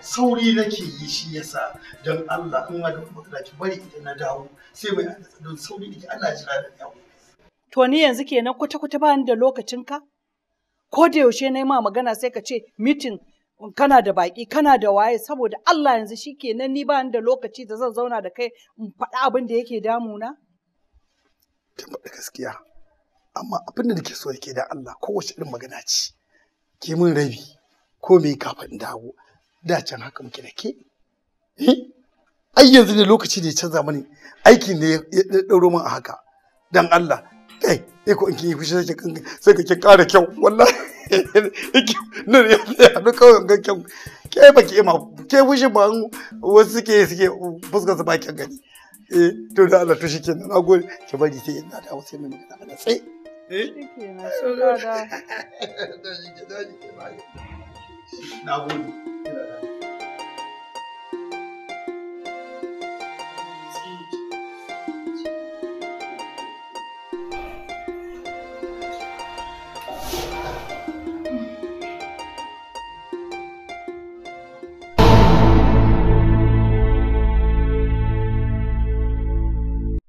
sauri nake yi shi yasa don Allah in kuma da ki bari idan na dawo sai mai don sauri da ke, Allah jira da yawo. To ni yanzu kenan kwata-kwata ba ni da lokacinka? Ko da yaushe na yi ma magana sai ka ce mitin kana da baƙi kana da waye saboda Allah yanzu shi kenan ni ba da lokaci da zan zauna da kai in faɗi abin da yake damuna? Kin faɗi gaskiya, amma abin da nake so yake da Allah kowace irin magana ce, ke mun rabi ko me in dawo, da can haka muke da ke? Eh? Ai yanzu ne lokaci da ya canza mani aikin ne ya ɗauro min a haka, don Allah, kai, ko in kin yi fushi sai ka ƙara kyau, wallahi. ke ba ke ma ke wuce ba wasu suke suke fuskar su gani eh to da Allah to na gode ki bari sai in da wasu mun da Allah sai eh da da da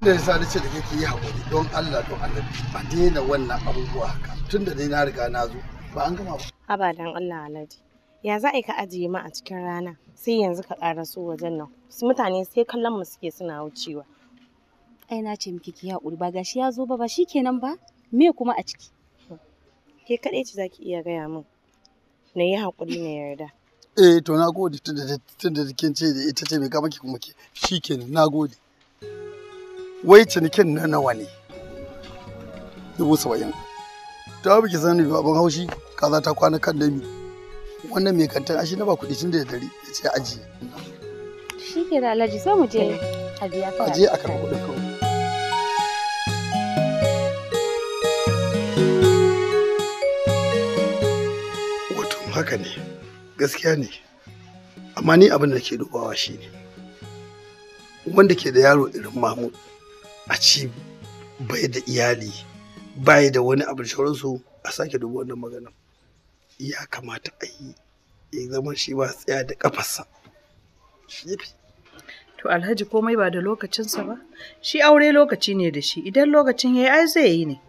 da ce nace da kake yi hakuri don Allah don Allah a daina wannan abubuwa haka tun da dai na riga na zo ba an gama ba abadan Allah Alhaji ya za a ka ajiye mu a cikin rana sai yanzu ka ƙara su wajen nan su mutane sai kallon mu suke suna wucewa ai na ce miki ki haƙuri ba gashi ya zo ba ba shikenan ba me kuma a ciki ke kaɗai ce ki iya gaya min na yi hakuri na yarda eh to na gode tun da kin ce da ita ce mai gama ki kuma ke shikenan na gode wai cinikin na nawa ne dubu saba'in ta wabi ki sanar da abin haushi kaza ta kwana kan dami wannan mai kantin ashi na ba kuɗi tun da dare ya ce aji shi ke da alhaji sai mu je eh. a biya ka aje a karɓi kuɗin kawai wato haka ne gaskiya ne amma ni abin da ke dubawa shine wanda ke da yaro irin mahmud a ci bai da iyali bai da wani abu sauransu a sake dubu wannan magana ya kamata a yi ya zama shi ba tsaya da kafarsa shi to alhaji komai ba da lokacinsa ba shi aure lokaci ne da shi idan lokacin ya yi ai zai yi ne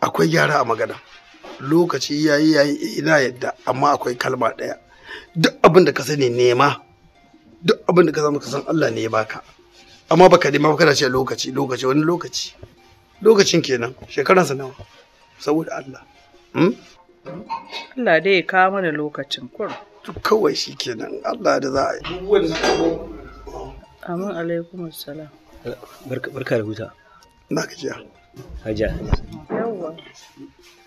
akwai gyara a magana lokaci ya yi ina eh, yadda amma akwai kalma ɗaya duk abin da ka sani nema duk abin da ka zama ka san Allah ne ya baka amma baka nema ba kana ce lokaci lokaci wani lokaci lokacin kenan shekaransa nawa saboda Allah hmm? Allah dai ya kawo mana lokacin kur kawai shi kenan Allah da za a yi amin alaikum assalam barka da huta na gajiya hajiya yawa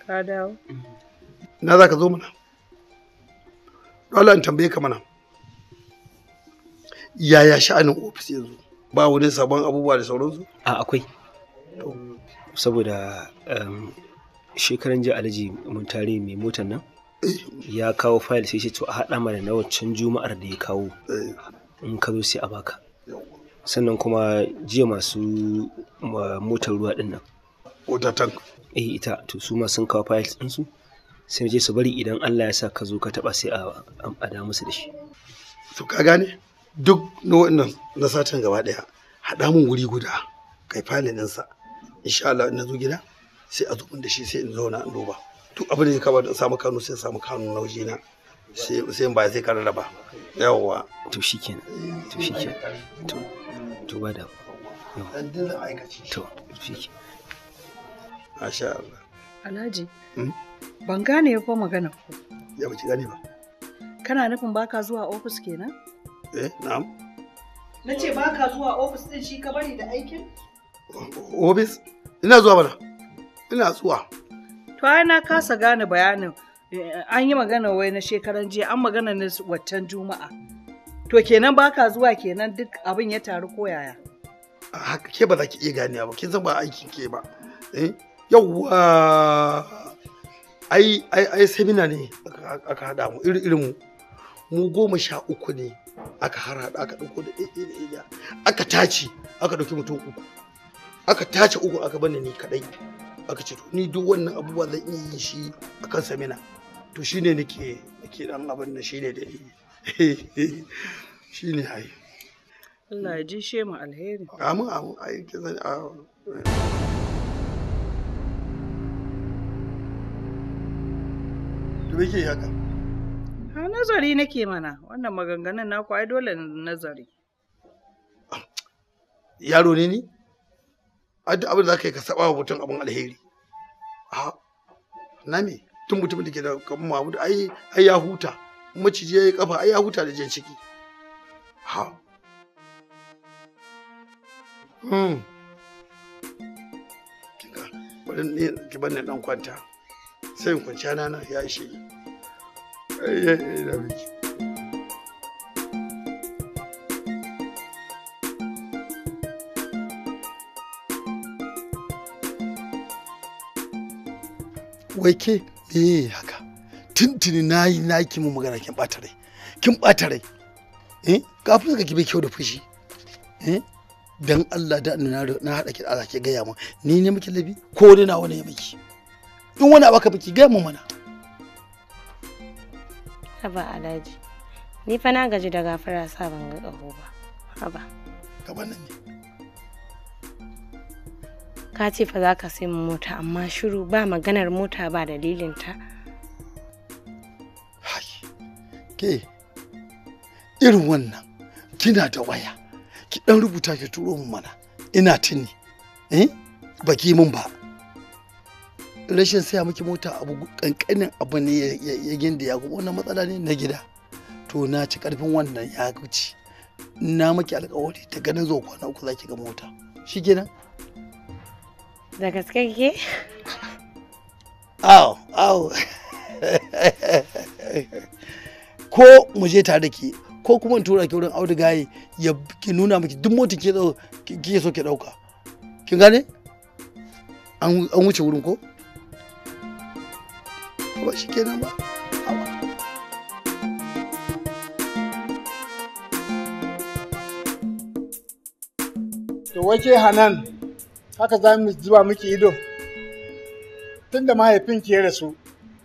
ka dawo na za ka zo mana dole in tambaye ka mana yaya sha'anin ofis yanzu ba wani sabon abubuwa da sauransu? a akwai saboda um, shekaran ji alhaji mun tare mai motar nan eh. ya kawo fayil sai ce to a haɗa mana na waccan juma'ar da ya kawo eh. in ka zo sai a baka sannan kuma jiya masu motar ruwa ɗin nan wata tank eh ita to su ma sun kawo fayil ɗinsu sai je su bari idan Allah ya sa ka zo ka taɓa sai a damu su da shi to ka gane duk na wannan na satin gaba daya haɗa mun wuri guda kai fali ɗinsa insha Allah na zo gida sai a zubin da shi sai in zauna in duba duk abin da ya kaba da samu kanu sai samu kanu na waje na sai ba sai karara ba yawwa to shikenan to shikenan to to ba da to shikenan masha Allah Alhaji hmm? ban gane ko magana ko ya ba ki gane ba kana nufin baka zuwa ofis kenan eh na'am na ce ba ka zuwa ofis din shi ka bari da aikin ofis ina zuwa bana ina zuwa to ai na kasa gane bayanin eh, an yi magana wai na shekaran jiya an magana ne waccan juma'a to kenan ba ka zuwa kenan duk abin ya taru ko yaya haka ke ba za ki iya gane ba kin san ba aikin ke ba eh yawwa ai ai ai seminar ne aka haɗa mu iri irin mu mu goma sha uku ne aka harada, aka ɗauko da ɗaiɗai da aka tace aka ɗauki mutum uku aka tace uku aka bani ni kaɗai aka ce ni duk wannan abubuwa zan iya yin shi a kan samina to shine nake nake dan abin da shine da shine ai Allah ya ji shema alheri amin amin ai kizan to me ke haka Nazari nake mana, wannan maganganun naku ai dole nazari. Yaro ne ni? Duk abin da za ka yi ka saba wa mutum abin alheri. Na me? Tun mutumin da ke da kamar Mahmud ai ai ya huta. Maciji ya yi kafa ai ya huta da jin ciki. Ha. Hmm. Kinga, bari ne ki bar ni dan kwanta. Sai in kwanciya na ya ishe ni. Ay, ay, Wai ke me haka? Tuntuni na yi na ki mu magana kin ɓata rai. Kin ɓata rai. Eh? Ka fuska ki bai kyau da fushi. Eh? Dan Allah da na haɗa ki da Allah ke gaya mu. Ni ne miki labi ko wani na wani ya miki. In wani abaka ka biki gaya mu mana. ba alaji ni fa na gaji da gafara sa ban ga ƙaho ba haba gaban nan ne ka ce fa za ka sai mota amma shiru ba maganar mota ba dalilinta ke irin wannan kina da waya ki dan rubuta ki turo mun mana ina tuni eh baki mun ba rashin saya miki mota abu kankanin abu ne ya ginda ya kuma wannan matsala ne na gida to na ci karfin wannan ya wuce na maki alkawari ta ganin zuwa kwana uku zaki ga mota shi gina da gaske ke aw aw ko mu je tare da ke ko kuma in tura ki wurin audugaye ya ki nuna miki duk motin ke so ki dauka kin gane an wuce wurin ko kuma shi ba to wace hanan haka za mu zuba miki ido tunda mahaifin ke rasu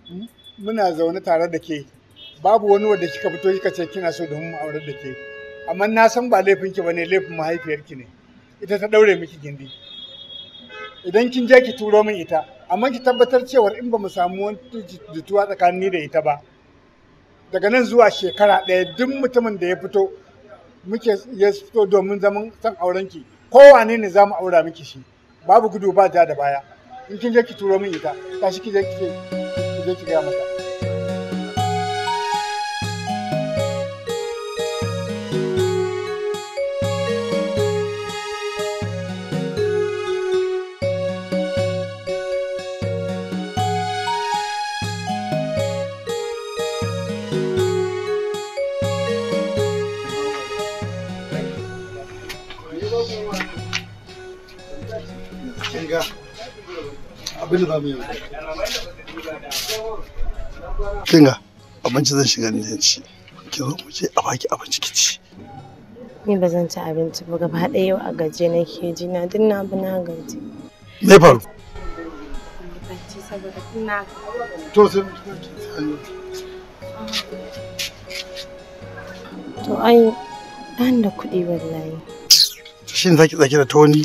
hmm, muna zaune tare da ke babu wani wanda kika fito kika ce kina so da mu aure da ke amma na san ba laifin ki bane laifin mahaifiyarki ne ita ta daure miki gindi idan kin je ki turo min ita amma ki tabbatar cewar in ba mu samu wani jituwa tsakanin ni da ita ba daga nan zuwa shekara ɗaya duk mutumin da ya fito muke ya fito domin zaman son auren ki kowane ne za mu aura miki shi babu gudu ba ja da baya in kin je ki turo min ita tashi ki je ki je ki ga mata Kinga, abinci zan shiga ne ci. Ki zo mu je a baki abinci ki ci. Ni ba zan ci abinci ba gaba ɗaya yau a gaje nake ji na duk na bi na gaji. Me faru? To sai To ai da kuɗi wallahi. Shin zaki tsaki da ta wani?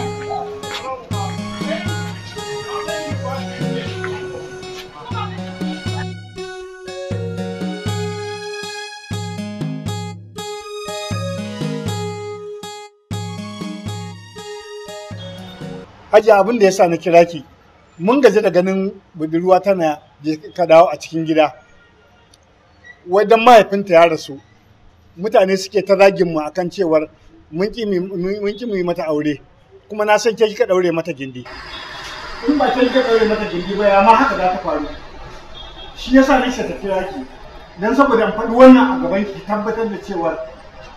haji abin da sa na kira ki mun gaji da ganin budurwa tana ka dawo a cikin gida wai don mahaifinta ya rasu mutane suke ta ragin mu akan cewar mun ki mu yi mata aure kuma na san ke kika daure mata gindi in ba ke kika daure mata gindi ba ya ma haka za ta faru shi ya sa nisa ta kira ki don saboda in faɗi wannan a gaban ki tabbatar da cewar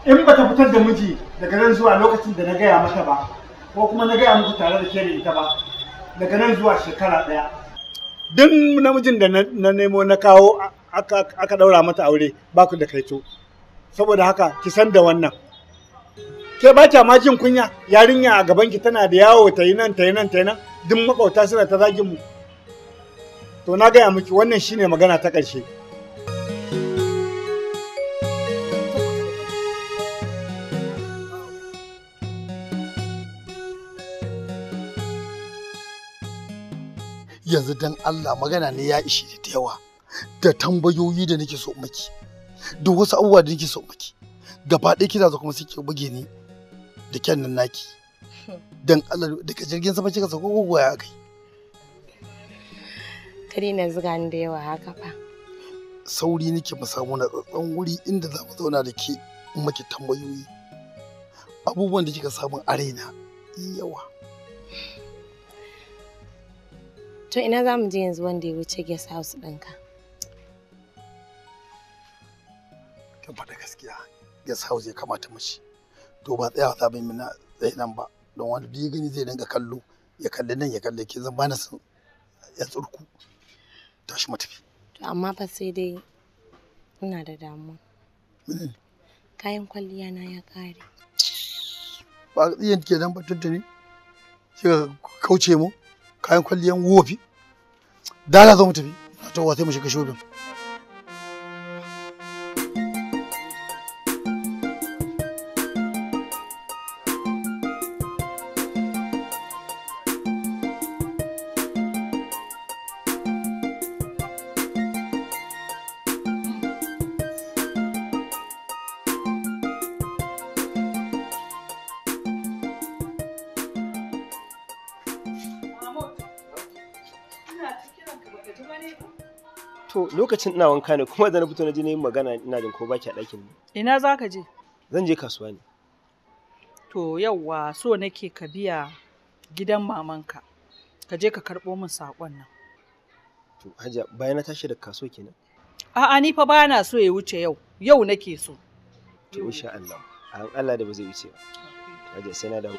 in bata fitar da miji daga nan zuwa lokacin da na gaya mata ba ko kuma na gaya musu tare da ke da ita ba daga nan zuwa shekara ɗaya. Duk namijin da na nemo na kawo aka ɗaura mata aure ba ku da kaito. Saboda haka ki san da wannan. Ke ba ta ma jin kunya yarinya a gaban ki tana da yawo ta yi nan ta yi nan ta yi nan duk makwauta suna ta zagin mu. To na gaya miki wannan shine magana ta ƙarshe. yanzu dan Allah magana ne ya ishe da yawa da tambayoyi da nake so maki da wasu abubuwa da nake so maki gaba ɗaya kina zo kuma sai ki buge ni da kyan nan naki dan Allah daga jirgin sama kika sauko gogo ya kai kare na zuga ni da yawa haka fa sauri nake mu samu na tsatsan wuri inda za mu zauna da ke miki tambayoyi abubuwan da kika samu arena yawa To ina za mu je yanzu wanda ya wuce guest house ɗinka? Ka faɗa gaskiya guest house ya kamata mashi. To ba tsaya ta bin mina tsaye nan ba. Don wanda duk gani zai dinga kallo ya kalli nan ya kalli ke zan bani su ya tsurku. Tashi mu tafi. To amma fa sai dai ina da damuwa. Kayan kwalliya na ya kare. Ba tsiyan ke nan ba tuntuni? ka kauce mu? kayan kwalliyan wofi da za mu tafi na tawa sai mu shiga shobin To lokacin ina wanka ne kuma da na fito na je na magana ina jin ko baki a ɗakin ne. Ina za ka je? Zan je kasuwa ne. To yauwa so nake ka biya gidan mamanka. Ka je ka karɓo min saƙon nan. To Hajiya bayan na tashi da kasuwa kenan. A'a ni fa ba na so ya wuce yau. Yau nake so. To insha Allah. An Allah da ba zai wuce ba. Hajiya sai na dawo.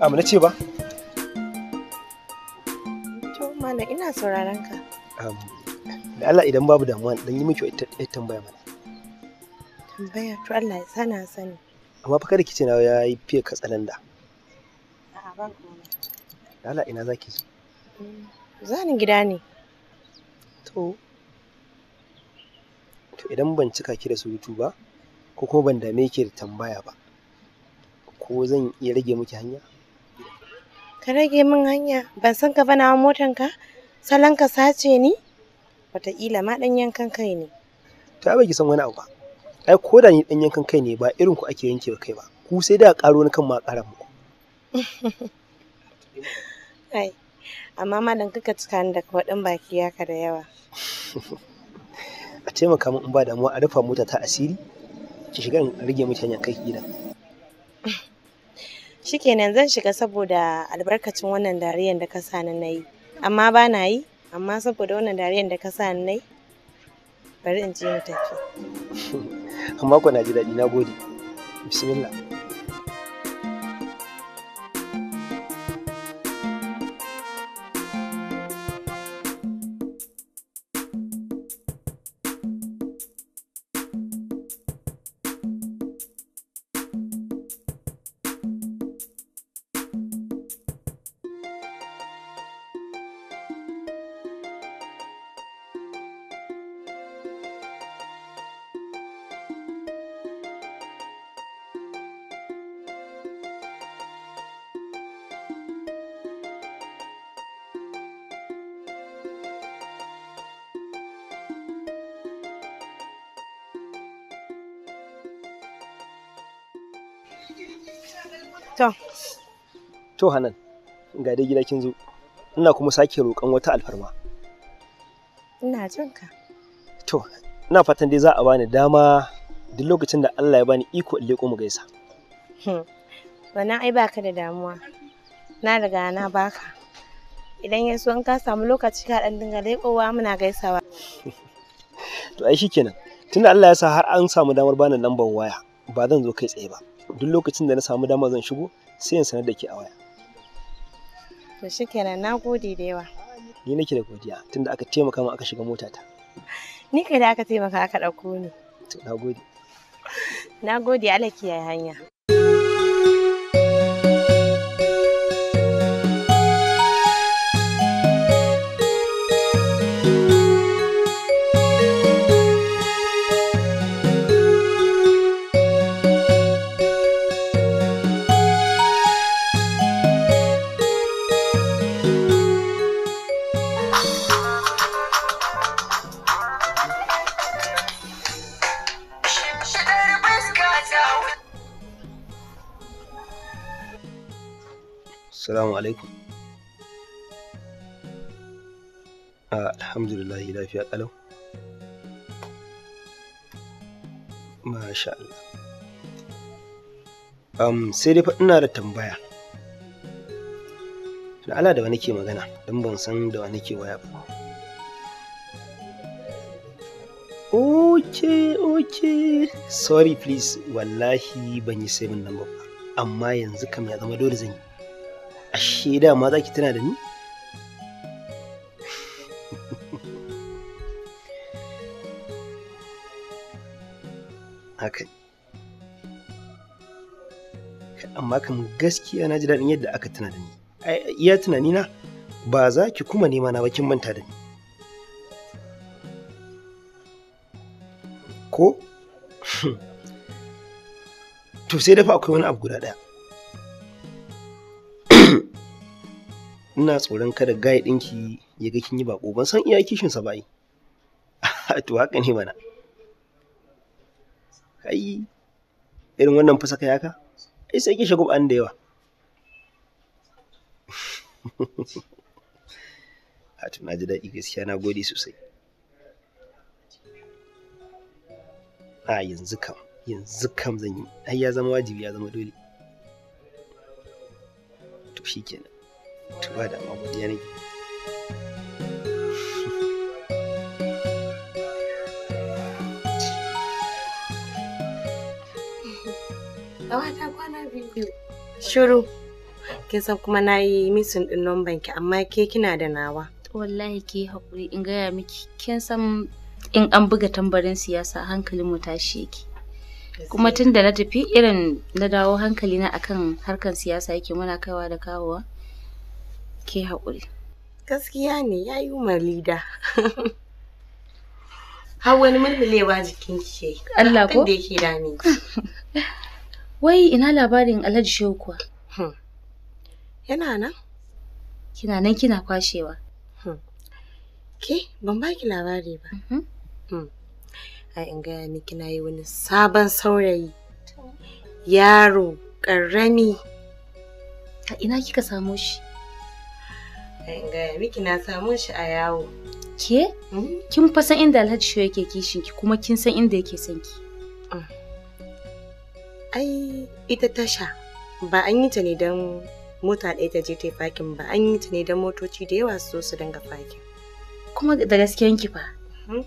Am ah, na ce ba? mana ina sauraron ka. Da Allah idan babu damuwa dan yi miki wata tambaya mana. Tambaya to Allah ya sana sani. Amma fa kada ki na ya yi fiye katsalanda. A'a Da Allah ina zaki zo. Mm, zanin gida ne. To. To idan ban cika ki da surutu ba ko kuma ban dame ki da tambaya ba. Ko zan iya rage miki hanya? Ka rage min hanya, ban san ka bana motan ka? Salon ka sace ni? Wataƙila ma ɗan yankan kai ne. Ta bai san wani abu ba. Ai ko da ni ɗan yankan kai ne ba irin ku ake yanke kai ba. Ku sai da ƙaro ni kan ma ƙaran mu. Ai, amma ma dan kuka cika ni da kwaɗin baki yaka da yawa. a taimaka min in ba damuwa a rufa mota ta asiri ki shiga in rage miki kai gidan. shikenan zan shiga saboda albarkacin wannan dariyan da ka sa ni na yi amma ba na yi amma saboda wannan dariyan da ka sa ni na yi bari in je mu tafi amma ku na ji daɗi na gode bismillah To. To Hanan, ga dai gida kin zo. Ina kuma sake roƙon wata alfarma. Ina jin ka. To, ina fatan dai za a bani dama duk lokacin da Allah ya bani iko in leƙo mu gaisa. Hmm. Wannan ai baka da damuwa. Na riga na baka. Idan ya so in ka samu lokaci ka dan dinga leƙowa muna gaisawa. To ai shikenan. Tunda Allah ya sa har an samu damar bani lambar waya, ba zan zo kai tsaye ba. duk lokacin da na samu dama zan shigo sai in sanar da ke a waya to kenan na gode da yawa ni nake da godiya tunda aka taimaka min aka shiga motata ni kai da aka taimaka aka ɗauko ni to na gode na gode Allah kiyaye hanya alaikum. Ah, alhamdulillah lafiya kalau Allah. Um, sai dai ina da tambaya. Da Allah da wani ke magana, don ban san da wani ke waya ba. Oke, oke. Sorry please, wallahi ban yi saving nan ba. Amma yanzu kam ya zama dole zan yi. ashe ma za ki tana da ni? haka amma kam gaskiya na ji daɗin yadda aka tuna da ni iya tunani na ba za ki kuma nema na bakin manta da ni ko to sai dafa akwai wani abu guda ɗaya ina tsoron kada gai ɗinki ya ga kin yi bako ban san iya kishinsa ba yi to haka ne mana ai irin wannan fusa kai haka ai sai kishe an da yawa hatu na ji daɗi gaskiya na gode sosai a yanzu kam yanzu kam zan yi ai ya zama wajibi ya zama dole to shikenan to ba da amma Kin san kuma na yi misin ɗin numban amma ke kina da nawa. Wallahi ke haƙuri in gaya miki kin san in an buga tambarin siyasa hankalin mu tashi ki. Kuma tun da na tafi irin na dawo hankali na akan harkan siyasa yake muna kaiwa da kawowa. ke haƙuri. Gaskiya ne ya yi malida. Har wani murmulewa jikin ki ke. Allah ko? da yake dame Wai ina labarin Alhaji Shehu kuwa? Hmm. Yana nan. Kina nan kina kwashewa. Hmm. Ke ban baki labari ba. Mm-hmm. Hmm. Ai in gaya ni na yi wani sabon saurayi. Yaro ƙarami. A ina kika samo shi? Eh, gaya miki na samun shi a yawo. Ke? Mm-hmm. Kin fa san inda Alhaji Shehu yake kishin ki kuma kin san inda yake son ki. Mm. Ai ita tasha ba an yi ta ne don mota ɗaya ta je ta fakin ba an yi ta ne don motoci da yawa su zo su dinga fakin. Kuma da gaskiyan ki fa. Mm-hmm.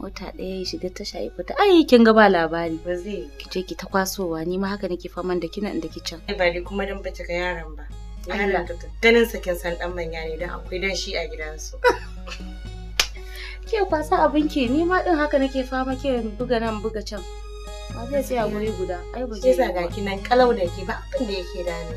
Mota ɗaya ya shiga tasha ya fita ai kin ga ba labari. Ba zai. Ki je ki ta kwasowa ni ma haka nake faman da kina da kicin. Ba bari kuma don ba ta ga yaron ba. Allah ganin sakin san dan manya ne dan akwai dan shi a gidansu ke kwasa abin ki ni ma din haka nake fama ke buga nan buga can ba zai tsaya guri guda ai ba zai ga kinan kalau da ke ba abin da yake da ni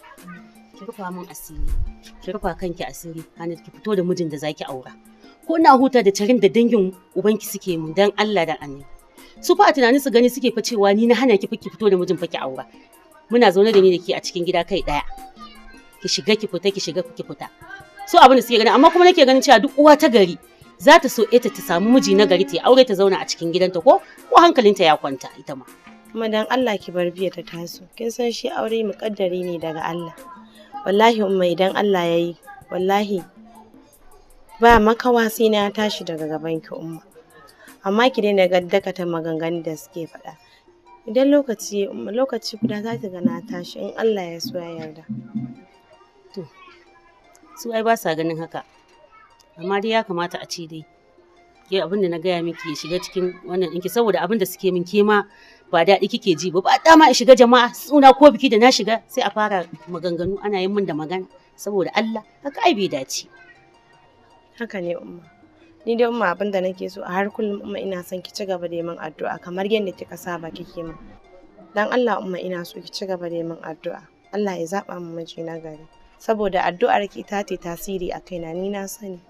ki rufa min asiri ki rufa kanki asiri kana ki fito da mijin da zaki aura ko ina huta da tarin da dangin ubanki suke mun dan Allah da annabi su fa a tunanin su gani suke fa cewa ni na hana ki fiki fito da mijin fa ki aura muna zaune da ni da ke a cikin gida kai daya ki shiga ki fita ki shiga ki fita so abin da suke gani amma kuma nake ganin cewa duk uwa ta gari za ta so ita ta samu miji na gari ta aure ta zauna a cikin gidanta ko ko hankalinta ya kwanta ita ma kuma dan Allah ki bar biya ta taso kin san shi aure muƙaddari ne daga Allah wallahi umma idan Allah ya yi wallahi ba makawa sai na tashi daga gaban ki umma amma ki daina dakatar maganganu da suke faɗa idan lokaci lokaci guda za ki ga na tashi in Allah ya so ya yarda to su ai ba sa ganin haka amma dai ya kamata a ce dai abin da na gaya miki ya shiga cikin wannan ɗinki saboda abin da suke min kema ba daɗi kike ji ba ba dama in shiga jama'a suna ko biki da na shiga sai a fara maganganu ana yin min da magana saboda Allah haka ai bai dace haka ne umma ni dai umma abin da nake so a har kullum umma ina son ki ci gaba da min addu'a kamar yadda kika saba kike min dan Allah umma ina so ki ci gaba da min addu'a Allah ya zaba min miji na gari saboda addu'ar ki ta ce tasiri a kaina ni na sani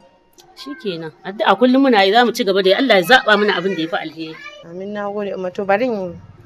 shikenan addu'a kullum muna yi za mu ci gaba da Allah ya zaba mana abin da ya fi alheri amin na gode umma to bari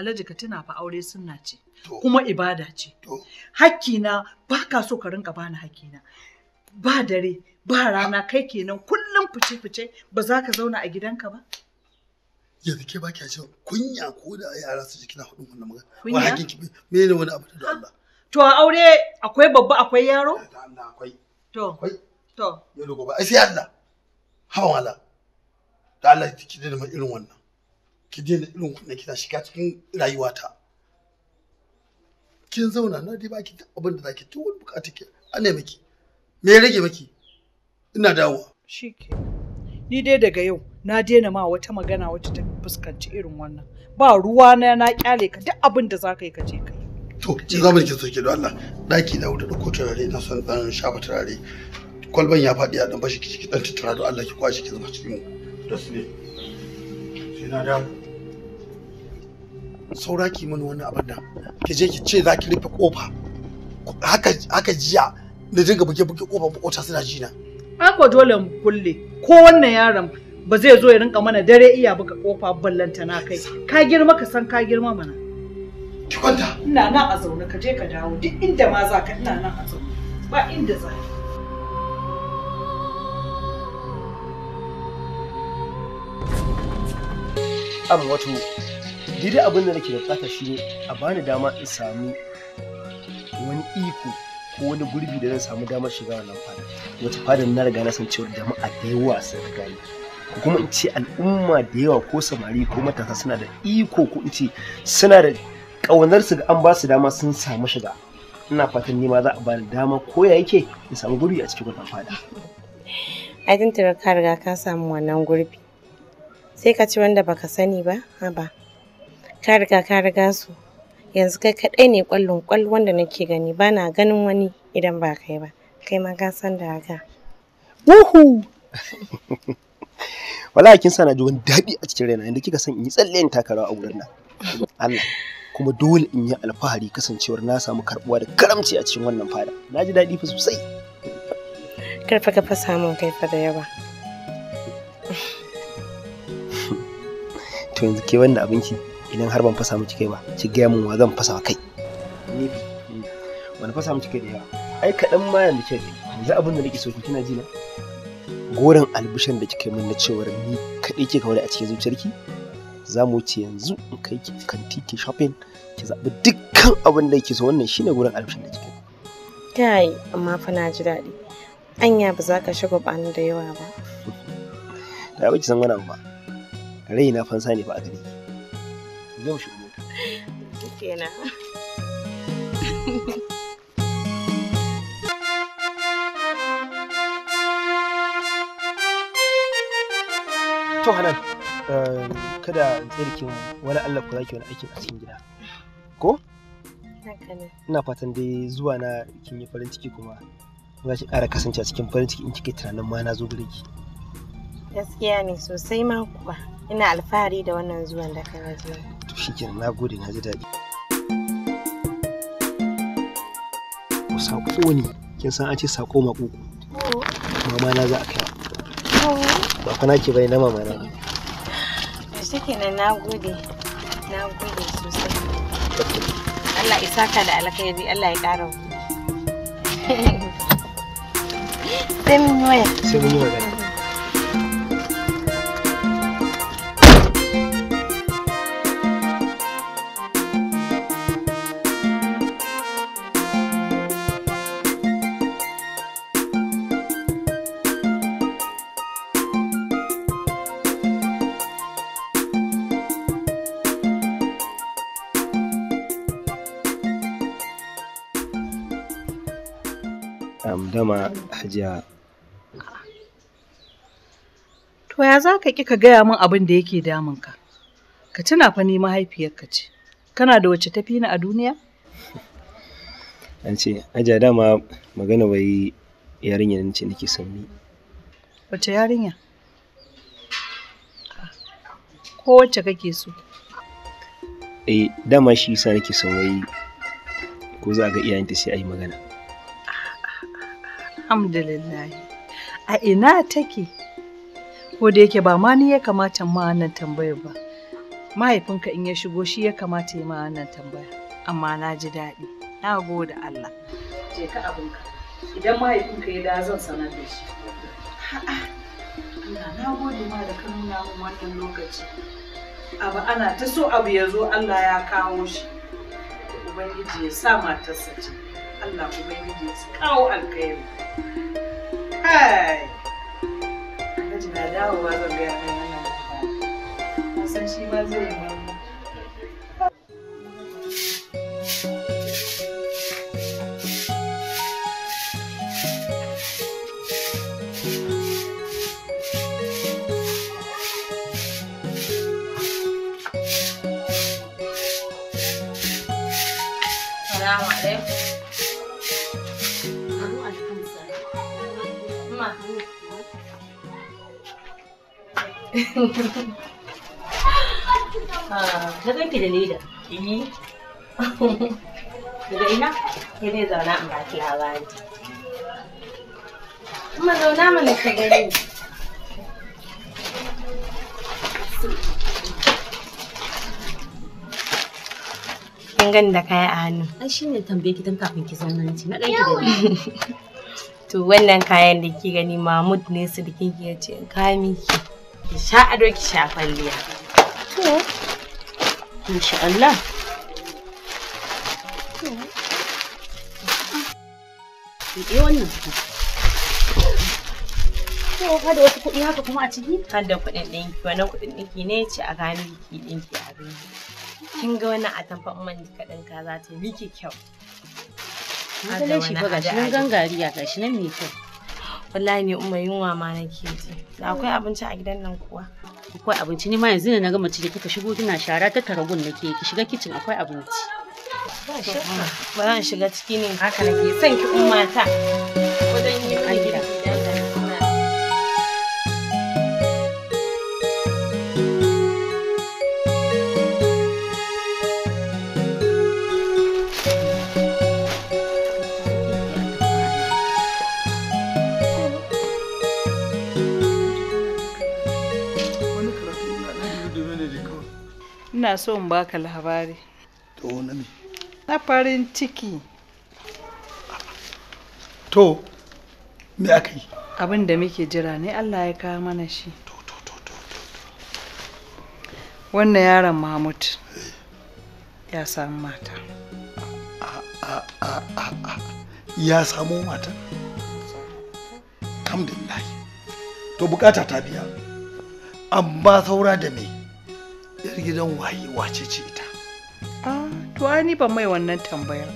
Alhaji ka tuna fa aure sunna ce kuma ibada ce. Hakkina ba ka so ka rinka bani hakkina. Ba dare ba rana kai kenan kullum fice-fice ba za ka zauna a gidanka ba. Yanzu ke ba ki ce kunya ko da yara su jikina hudun wannan magana. Wa hakkin ki me ne wani abu da Allah. To a aure akwai babba akwai yaro? Da Allah akwai. To. Akwai. To. Yau gobe ai sai Allah. Hawan wala. Da Allah ki dena irin wannan. ki daina irin wannan kina shiga cikin rayuwata kin zauna na dai baki da abin da zaki tun bukata ki ne miki me ya rage miki ina dawowa shike ni dai daga yau na daina ma wata magana wacce ta fuskanci irin wannan ba ruwa na na kyale ka duk abin da zaka yi ka je ka to ki zama ki so ki don Allah daki da wuta da ko turare na son dan shafa turare kwalban ya faɗi a dan bashi ki dan tutura don Allah ki kwashi ki zama cikin mu da su ne sai na dawo sauraki mini wani abin da ki je ki ce za ki rufe kofa haka haka jiya da dinga buge buge kofa makota suna jina ako dole mu kulle ko wannan yaron ba zai zo ya rinka mana dare iya buka kofa ballanta na kai ka girma ka san ka girma mana ki kwanta ina nan a zaune ka je ka dawo duk inda ma za ka ina nan a zaune ba inda za ka Abu wato daidai abin da nake bukata shi ne a bani dama in sami wani iko ko wani gurbi da zan samu damar shiga wannan fada wata fada na riga na san cewa jama'a da yawa sun riga ni kuma in ce al'umma da yawa ko samari ko matasa suna da iko ko in ce suna da ƙaunar su ga an ba su dama sun samu shiga ina fatan nima za a bani dama ko ya yake in samu gurbi a cikin wannan fada ai tun ka riga ka samu wannan gurbi sai ka ci wanda baka sani ba haba ka riga ka riga su yanzu kai kaɗai ne kwallon kwal wanda nake gani bana ganin wani idan ba kai ba kai ma ka san da haka wuhu wallahi kin sa na ji wani dadi a cikin raina inda kika san in yi tsalle in takarawa a wurin nan Allah kuma dole in yi alfahari kasancewar na samu karbuwa da karamci a cikin wannan fada na ji daɗi fa sosai karfa ka fa samun kai fa da yawa to yanzu ke wanda abinki idan har ban fasa miki kai ba ci gaya min wa zan fasa kai ni wani fasa miki kai da yawa ai kaɗan ma yanzu ke yanzu abin da nake so kina ji na goren albishan da kike min na cewar ni kaɗai ke kawai a cikin zuciyarki za mu wuce yanzu in kai ki kan titi shopping ki zaɓi dukkan abin da yake so wannan shine goren albishan da kike kai amma fa na ji daɗi anya ba za ka shiga bani da yawa ba da ba ki san wani abu ba raina fansa ne ba a gare ki yau shi kenan to hanan eh, kada tsirkin wani allah ku zaki wani aikin a cikin gida ko ina fatan dai zuwa na kin yi farin ciki kuma za ki ƙara kasance a cikin farin ciki in kike tunanin ma na zo gure gaskiya ne sosai ma kuwa ina alfahari da wannan zuwan da kai waje shikenan na gode na ji daɗi ku saƙo ne kin san an ce saƙo maƙuƙu oh. mama na za a kai oh. ba kwana ke bai na mama na to shikenan na gode na gode sosai Allah isa ka da alkhairi Allah ya ƙara sai mun yi waya sai mun yi waya dama hajiya to ya za ka ƙi ka gaya min abin da yake damunka ka tuna fa ni mahaifiyarka ce kana da wacce tafi ni a duniya an ce hajiya dama magana wai yarinya nan ce nake son ni wacce yarinya ko wacce kake so eh dama shi sa nake son wai ko za a ga iyayenta sai a yi magana alhamdulillah a ina take ko da yake ba ma ni ya kamata ma wannan tambayar ba mahaifinka in ya shigo shi ya kamata ya ma wannan tambaya amma na ji daɗi na gode Allah je ka abinka idan mahaifinka ya da zan sanar da shi Allah na gode ma da kan nuna min wannan lokaci abu ana ta so abu ya zo Allah ya kawo shi ubangiji ya sa matarsa ce Allah ubangiji ya kawo alkhairi kai alhaji na dawowa zan ga yana nan san shi ma zai yi Ah, na ganki da eh. Daga ina? zauna baki Kuma zauna mana ka gani. da kaya a hannu. Ai shine tambaye ki tun kafin ki zauna na ce na da ni. To wannan kayan da ki gani Mahmud ne su da ce in ki sha ado ki sha kwalliya to insha Allah wannan su. To, wasu kuɗi haka kuma a ciki? Kada kuɗin ɗinki, wannan kuɗin ɗinki ne ce a ɗinki a Kin ga wannan man ka za ta kyau. Mutane shi fa nan gangariya wallahi ne umma yunwa ma nake ji da akwai abinci a gidan nan kuwa akwai abinci ni ma yanzu ne na gama ci da kika shigo kina shara ta taragun nake ki shiga kicin akwai abinci ba zan shiga ciki ne haka nake son ki umma ta ina so in baka labari to na ne na farin ciki to me aka yi abin da muke jira ne allah ya kawo mana shi wannan yaron mahmud ya samu mata ya samu mata alhamdulillah to bukata ta biya amma saura da me yar gidan waye wace ce ita ah, to ai ni ban mai wannan tambayar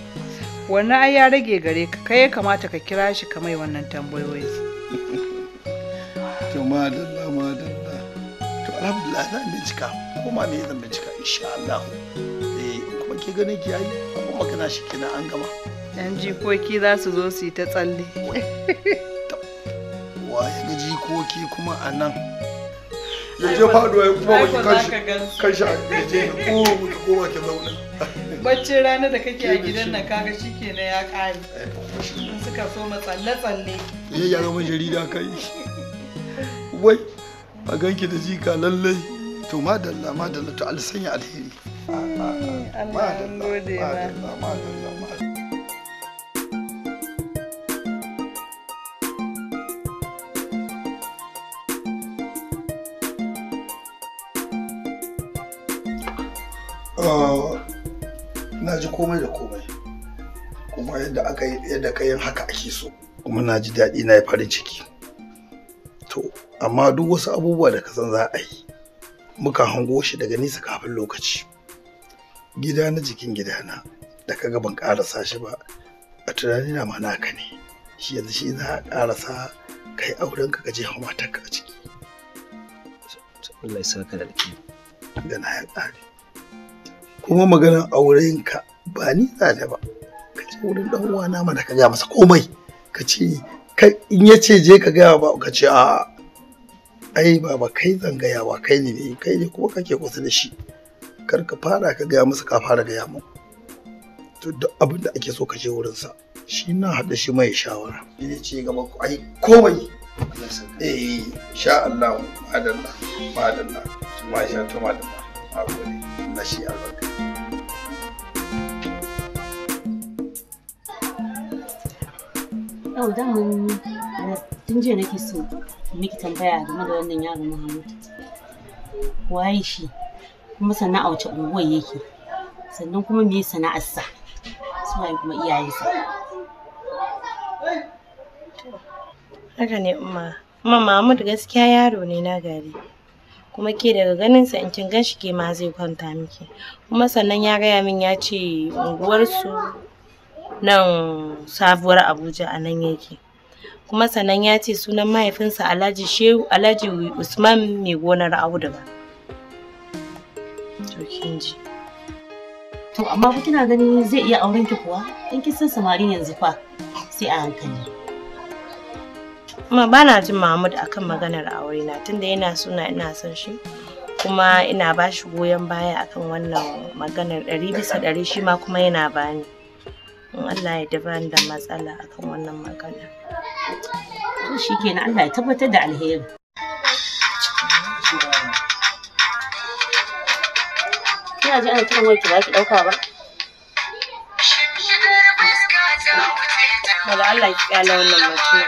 wannan ai ya rage gare ka kai ya kamata ka kira shi ka mai wannan tambayoyi to madalla madalla to alhamdulillah zan bincika kuma me zan bincika insha Allah eh kuma ke ganin ki yayi kuma magana shi kina an gama yan jikoki za su zo su yi ta tsalle wa ya ga jikoki kuma a nan ya je faduwa ya kuma baki kanshi kanshi ya je ya koma ka koma ki zauna baccin rana da kake a gidan nan kaga shike na ya kare eh, sun suka so ma tsalle tsalle eh ya zama jarida kai wai a ganki da jika lallai to madalla madalla to alsanya alheri eh, Allah ya gode ma madalla madalla komai da komai kuma yadda aka yi yadda ka yin haka ake so kuma na ji daɗi na yi farin ciki to amma duk wasu abubuwa da ka san za a yi muka hango shi daga nisa kafin lokaci gida na jikin gida na da kaga ban ƙarasa shi ba a tunani na ma naka ne shi yanzu shi za a ƙarasa kai auren ka je hawa matarka a ciki Allah ya saka da alƙi gana ya ƙare kuma maganar aurenka ba ni za ta ba ka je wurin dan uwana mana ka ga masa komai ka ce in ya ce je ka gaya ba ka ce a ai baba kai zan gaya ba kai ne kai ne kuma kake kusa da shi kar ka fara ka gaya masa ka fara gaya mu to duk abin da ake so ka je wurin sa shi na hada shi mai shawara ne ce gaba ku ai komai eh sha Allah madalla madalla masha ta madalla na shi albarka yau daman tun jiya nake so miki tambaya game da wannan yaro Muhammad waye shi kuma sannan a wace unguwar yake sannan kuma me sana'arsa suwaye kuma iyayensa haka ne umma kuma Mahmud gaskiya yaro ne na gari kuma ke daga ganin sa in kin ganshi ke ma zai kwanta miki kuma sannan ya gaya min ya ce unguwarsu nan sabuwar abuja a nan yake kuma sannan ya ce sunan mahaifinsa alhaji shehu alhaji usman mai gonar auduga to to amma ku kina ganin zai iya auren ki kuwa in kin san samarin yanzu fa sai a hankali kuma bana jin mahmud akan maganar aure na tunda yana suna ina son shi kuma ina ba shi goyon baya akan wannan maganar ɗari bisa ɗari shi ma kuma yana bani in Allah ya bani da matsala akan wannan magana to shikenan Allah ya tabbatar da alheri Ina ji ana kiran wai ki ba ki dauka ba Bala Allah ya kyala wannan mutum.